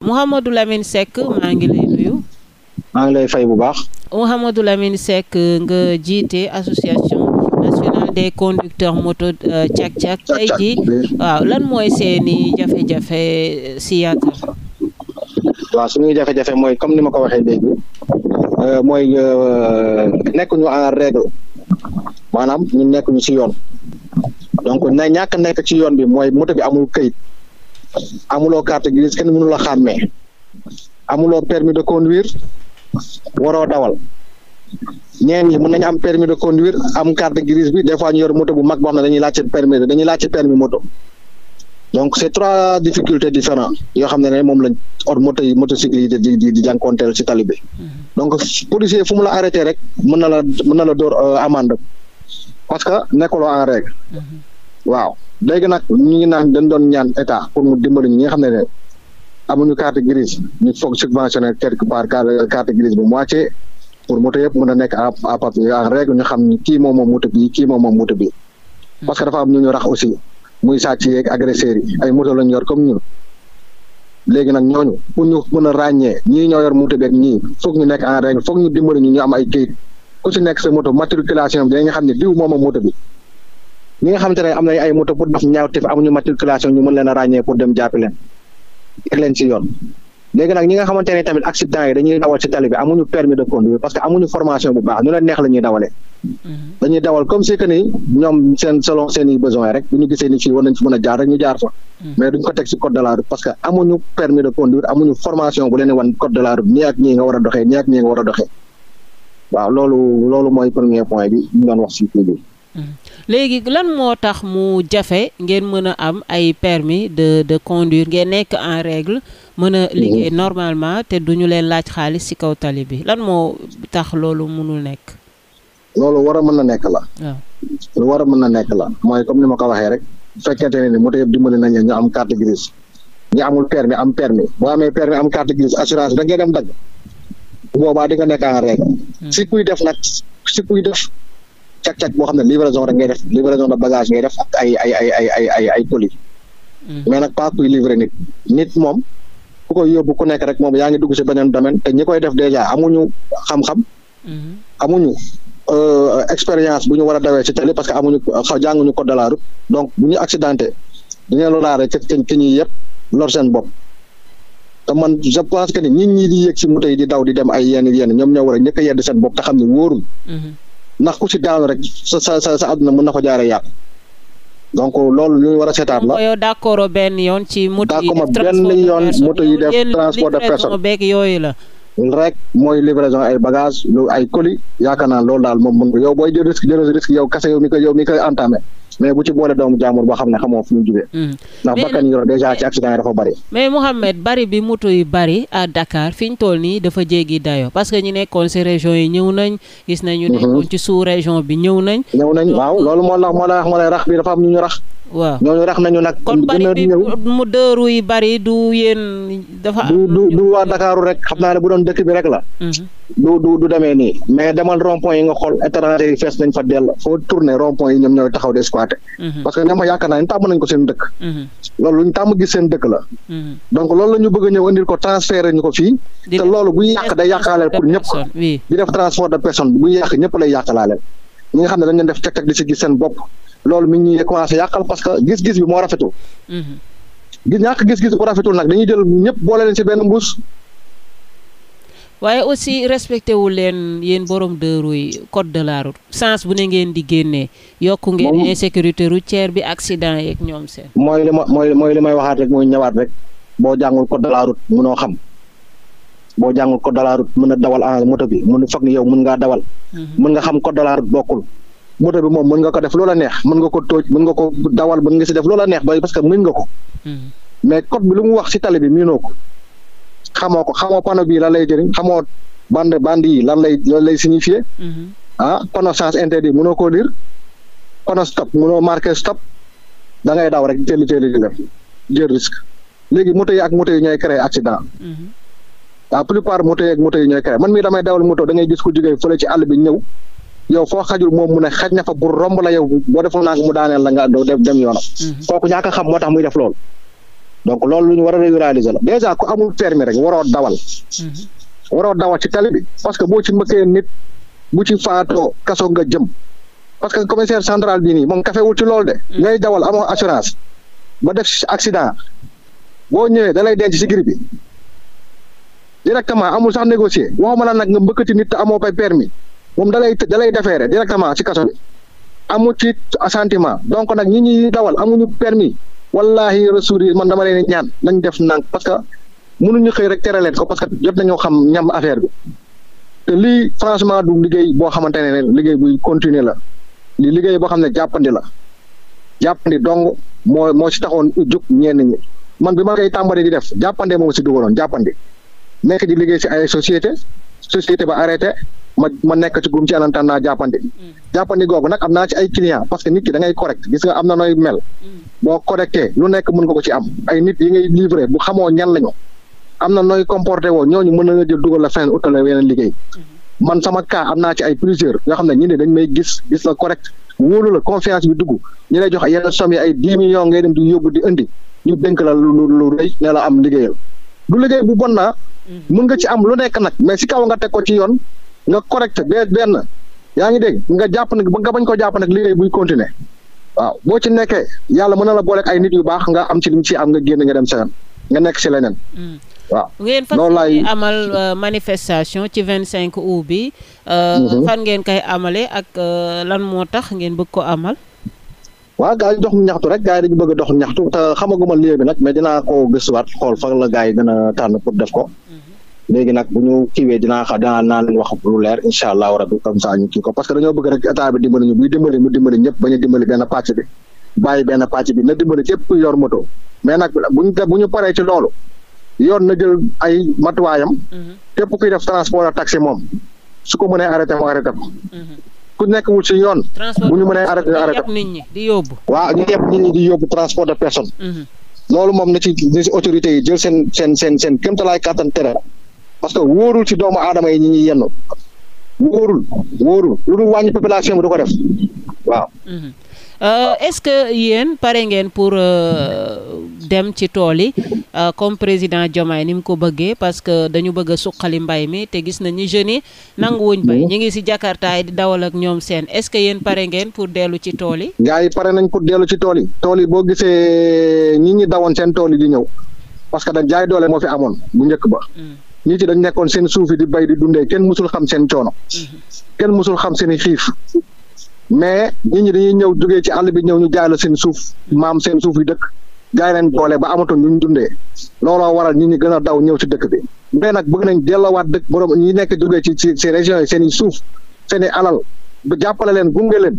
Mouhamadou Lamine Seck maa ngi lay nuyu. maa ngi lay fay bu baax. Mouhamadou Lamine Seck nga jiite association nationale des conducteurs moto euh, Cak Cak. tey jii waaw lan mooy seeni jafe-jafe euh, si Yaatal. waaw suñuy jafe-jafe mooy comme ni ma ko waxee léegi euh, mooy nekkuñu en règle maanaam ñu nekkuñu si yoon donc na ñàkk nekk ci yoon bi mooy moto bi amul kayit amuloo carte grise kenn mënu la xàmmee amuloo permis de conduire waroo dawal ñeen ñi mën nañu am permis de conduire am carte grise bi des fois ñu yor moto bu mag boo xam ne dañuy laajte permis dañuy laajte permis moto donc c'est trois difficultés différentes yoo xam ne ne moom lañ or moto yi motocycle yi di di di jànkonteel ci tali bi donc policier fu mu la arrêté rek mën na la mën na la door euh, amende parce que nekkuloo en règle mm-hmm. waaw léegi nag ñu ngi naan dañ doon ñaan état pour mu dimbali ñi nga xam ne ne amuñu carte grise ñu foog subventionné quelque part carte grise bu moitié pour moto yëpp mën a nekk a papier en règle ñu xam kii moom moom moto bi kii moom moom moto bi hmm. parce que dafa am ñu ñu rax aussi muy sàcc yeeg agresseurs yi ay moto lañ yor comme ñun léegi nag ñooñu pour ñu mën a ràññee ñii ñoo yor moto beeg ñii foog ñu nekk en règle foog ñu dimbali ñu ñu am ay kayit ku si nekk sa moto matriculation bi nga xam ne diw moom moom moto bi ñi nga xamante ne am nañ ay moto pour def ñaaw ci yoon léegi nag ñi nga xamante ne tamit accident yi dañuy dawal ci tali amuñu permis de conduire parce que amuñu formation bu baax ñu mm-hmm. a jaar rek ñu jaar fa mm-hmm. mais duñ ko teg ci code de la route parce que amuñu permis de conduire amuñu formation bu leen wan code de la route ñii ak nga war a doxee ñii ak nga war a waaw loolu loolu mooy premier point bi ñu doon wax ci kii léegi lan moo tax mu jafe ngeen mën a am ay permis de de conduire ngee nekk en règle mën a liggéey mhm. normalement te du ñu leen laaj xaalis ci kaw tali bi lan moo tax loolu mënul nekk loolu war a mën na nekk la lu war a mën na nekk la mooy comme ni ma ko waxee rek fekkente ne ni moto yëpp dimbali nañ ñu am carte grise ñu amul permis am permis boo amee permis am carte grise assurance da ngay dem dagg boobaa di nga nekk en règle hmm. si kuy def nag si kuy cag-cag boo xam ne livraison rek ngay def livraison de bagage ngay def ay ay ay ay mm. mais nag pas kuy livre nit nit moom ku koy yóbbu ku nekk rek moom yaa ngi dugg si beneen domaine te ñi koy def dèjà amuñu xam-xam mm-hmm. amuñu euh, expérience bu ñu war a dawee ci tali parce que amuñu jànguñu code de la route donc bu ñu accidenté dañu loraare ci ci ñi yëpp lor seen bopp te man je pense que ni nit ñi di yëg si moto yi di daw di dem ay yenn yenn ñoom ñoo war a ñëkk a yedd seen bopp te xam ne wóorul mm-hmm. ndax ku si daanu rek sa sa sa àdduna mën na ko jaaree yàqu donc loolu lu ñu war a seetaat la. yow d'accord benn yoon ci moto yi def benn yoon moto yi def transport de personne beeg yooyu la. rek mooy livraison ay bagages lu ay colis yaakaar naa loolu daal moom mën ko yow booy jël risque jël risque yow kese yow mi koy entamé. mais bu ci boole doomu jàmbur boo xam ne xamoo fu ñu jubee hmm. ndax bakkan yor dèjà ci accident yi dafa bari. mais Mouhamed bari bi moto yi bari à fi ñu tool nii dafa jéggi dayo parce que ñu nekkoon si région yi ñëw nañ gis nañu hmm. nekkoon ci sous région bi ñëw nañ ñëw nañ waaw loolu moo la moo la moo lay rax bi dafa am ñu ñu rax waaw ñooñu rax nañu nag kon bari bi mu dëru yi bari du yéen dafa du du waa Dakaaru rek xam naa ne bu doon dëkk bi rek la hmm. du du du demee nii mais demal rond yi nga xool étranger fees nañ fa dell foo tourner rond yi ñoom ñooy taxaw di squatter. Mhm. parce que ñoom ma yaakaar naa mhm. mhm. a xam ne dañ leen def càq di si gis seen bopp loolu mi ngi commencé yàqal parce que gis-gis bi moo rafetul. gis gis bu rafetul nag dañuy jël ñëpp boole leen si benn mbuus waaye aussi respecté wu leen yéen borom dëru yi code de la route sens bu ne ngeen di génnee yokku ngeen insécurité routière bi accident yeeg ñoom seen mooy li ma mooy mooy li may waxaat rek mooy ñawaat rek boo jàngul code de la route xam boo jàngul code de la route mën a dawal en moto bi mën foog ni yow mën ngaa dawal mhm. mën nga xam code de la bokkul moto bi moom mën nga ko def loola neex mën nga ko tooj mën nga ko dawal mën nga si def loola neex ba parce que mën nga ko mhm. mais code lu mu wax si tali bi miinoo ko xamoo ko xamoo panneau bii lan lay jëriñ xamoo bande bande yi lan lay lan lay signifier mm-hmm. ah panneau sens interdit mënoo koo lire panneau stop mënoo marqué stop da ngay daw rek teel teel di def jël risque léegi moto yi ak moto yi ñooy créé accident mm-hmm. la plupart moto yi ak moto yi ñooy créé man mii damay dawal moto da ngay gis ku jógee fële ci àll bi ñëw yow foo xajul moom mu ne xaj na fa pour romb la yow boo deful naa mu daaneel la nga def dem yoonam mm-hmm. kooku ñaaka xam moo tax muy def loolu donc loolu lu ñu war a régulariser la déjà ko amul permis rek waroo dawal. Mhm. waroo dawal ci tali bi parce que boo ci mbëkkee nit bu ci faatoo kaso nga jëm parce que commissaire centrale bi nii moom kafewul ci loolu de. Mhm. ngay dawal amoo assurance ba def accident boo ñëwee dalay denc ci giri bi directement amul sax négocier waxuma la nag nga mbëkkati nit amoo pay permis moom da lay da lay defeere directement ci kaso bi. amul ci assentiment donc nag ñi ñuy dawal amuñu permis wallahi rasuuli man dama leen ñaan nañ def nànk parce que mënuñu xëy rek tere leen ko parce que jot nañoo xam ñam affaire bi te lii franchement du liggéey boo xamante ne liggéey buy continuer la li liggéey boo xam ne jàppandi la jàppandi dong moo moo ci taxoon jug ñenn ñi man bi ma koy tàmbalee di def jàppande moom si dugaloon jàppandi nekk di liggéey si ay société société ba arrêté ma ma nekk ci gum ci en am naa ay client parce que nit ki da ngay correct gis nga am na nooy mel mm. boo correcté lu nekk mën nga ko ci am ay nit yi ngay bu xamoo ñan lañu la mm-hmm. am naa ci ay plusieurs yoo xam ne ñi ne dañ may gis gis la correct wóolu la confiance bi dugg ñu lay jox yenn somme yi ay dix millions ngay dem di yóbbu di indi ñu dénk la lu lu rëy ne la am liggéeyal du liggéey bu bon naa mm-hmm. mën nga ci am lu nekk nag mais si kaw nga teg ko ci yoon nga correct benn yaa ngi dégg nga jàpp ba nga bañ ko jàpp nag liggéey buy continuer waaw boo ci nekkee yàlla mën na la booleeg ay nit yu baax nga am ci li mu am nga génn nga dem sa nga nekk si leneen. Mm. waaw ngeen fan ngeen amal euh, manifestation ci vingt cinq août bi. Euh, mhm. fan ngeen koy amalee ak euh, lan moo tax ngeen bëgg ko amal. waaw gars yi dox ñaxtu rek gars yi dañu bëgg dox ñaxtu te xamaguma lieu bi nag mais dinaa ko gëstuwaat xool fan la gars yi gën tànn pour def ko. léegi nag bu ñu kiiwee dinaa xa dinaa naa leen wax lu leer incha allah rabi comme ça ñu kii ko parce que dañoo bëgg rek état dimbali ñu buy dimbali mu dimbali ñëpp bañ a dimbali benn pàcc bi bàyyi benn pàcc bi na dimbali képp ku yor moto mais nag bu ñu paree ci loolu yoon na jël ay matuwaayam. Mhm. képp kuy def transport ak taxi moom su ko mënee arrêté mu arrêté ko. Mhm. ku nekk wul ci yoon. bu ñu mënee arrêté arrêté ko nit ñi di yóbbu. waaw ñu yëpp nit ñi di mhm. yi parce que wóorul ci doomu aadama yi ñu ñuy yenn wóorul wóorul lu dul wàññi population bi du ko def waaw. Mhm. Euh, est-ce que yéen pare ngeen pour euh, dem ci tool yi euh, comme président Diomaye ni mu ko bëggee parce que dañu bëgg suqali mbay mi te gis nañu jeunes yi nanguwuñ bay mhm. ñu ngi si Jakarta di dawal ak ñoom seen est-ce que yéen pare ngeen pour dellu ci tool yi. gars pare nañ pour dellu ci tool yi. tool yi boo gisee ñi ñu dawoon seen tool yi di ñëw parce que dañ jaay doole moo fi amoon bu njëkk ba. Mhm. ñi ci dañ nekkoon seen suuf yi di bay di dundee kenn mësul xam seen coono kenn mësul xam seen i xiif mais nit ñi dañuy ñëw jógee ci àll bi ñëw ñu jaay seen suuf maam seen suuf yi dëkk jaay leen doole ba amatoon ñu dundee looloo waral nit ñi gën a daw ñëw si dëkk bi mais nag bëgg nañ delloowaat dëkk borom ñi nekk jógee ci ci ces régions seen i suuf seen i alal jàppale leen gunge leen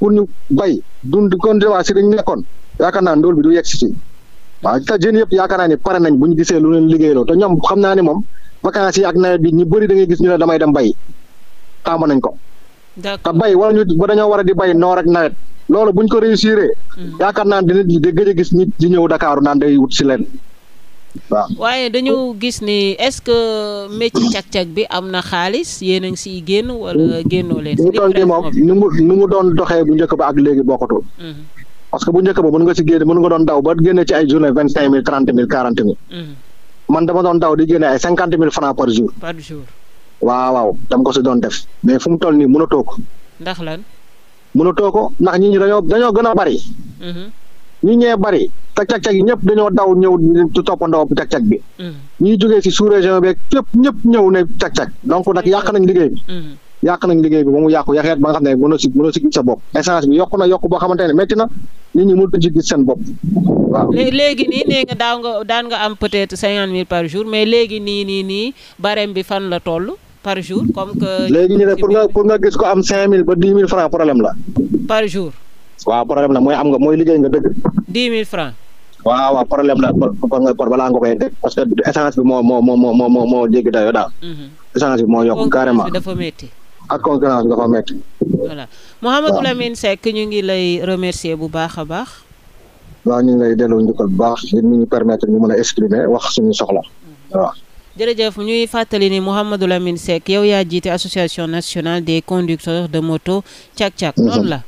pour ñu bay dund kondiwaa si dañu nekkoon yaakaar naa ndóol bi du yegg si waaw te jeunes yëpp yaakaar ni pare nañ bu ñu gisee lu leen liggéeyloo te ñoom xam naa ni moom vacances yi ak nawet bi ñu bëri da ngay gis ñu ne damay dem bay tàmm nañ ko. te bay wala ñu ba dañoo war a di bay noor ak nawet loolu buñ ko réussir hmm. yaakaar naa ne dinañ di gis nit di ñëw Dakar naan day wut si leen. waaw waaye dañu gis ni est-ce que métier bi am na xaalis yéen a ngi siy génn wala génnoo leen. li doon moom ni mu ni mu doon doxee bu njëkk ba ak léegi bokkatul. Hmm. parce que bu njëkk ba mën nga si génn mën nga doon daw ba génne ci ay journée vingt cinq mille trente mille man dama doon daw di génne ay cinquante mille francs par jour. par jour. waaw waaw dama ko si doon def mais fu mu toll nii mënatoo ko. ndax lan. ñi ñu dañoo dañoo gën a bari. ñi mhm. ñee bari te cag-cag ñëpp dañoo daw ñëw di toppandoo cag-cag bi. Mhm. ñuy jógee si sous région bi fépp ñëpp ñëw ne cag-cag donc nag yàq nañ liggéey yàq nañ liggéey bi ba mu yàqu yaxeet ba nga xam ne mënoo si sa bopp essence bi yokku na yokku boo xamante ne na nit ñi mënut ci seen bopp léegi nii nii nii nii barème bi fan la toll par jour comme que. léegi ñu ne pour nga pour nga gis ko am cinq mille ba dix mille francs problème la. par jour. waaw problème la mooy am nga mooy liggéey nga dëgg. dix mille francs. waaw waaw problème la kon nga kon balaa nga koy parce que essence bi moo moo moo moo moo moo jéggi mhm. moo ak concurrence nga fa métti. voilà Mouhamadou ñu ngi lay remercier bu baax a baax. waaw ñu ngi delloo njukkal bu baax ñu ñu permettre ñu mën a exprimer wax suñu soxla waaw. jërëjëf ñuy fàttali ni Mouhamadou Lamine Seck yow yaa jiite association nationale des conducteurs de moto Càq Càq. Mhm. loolu la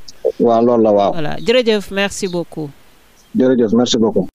waaw lool la waaw. jërëjëf merci beaucoup. jërëjëf merci beaucoup.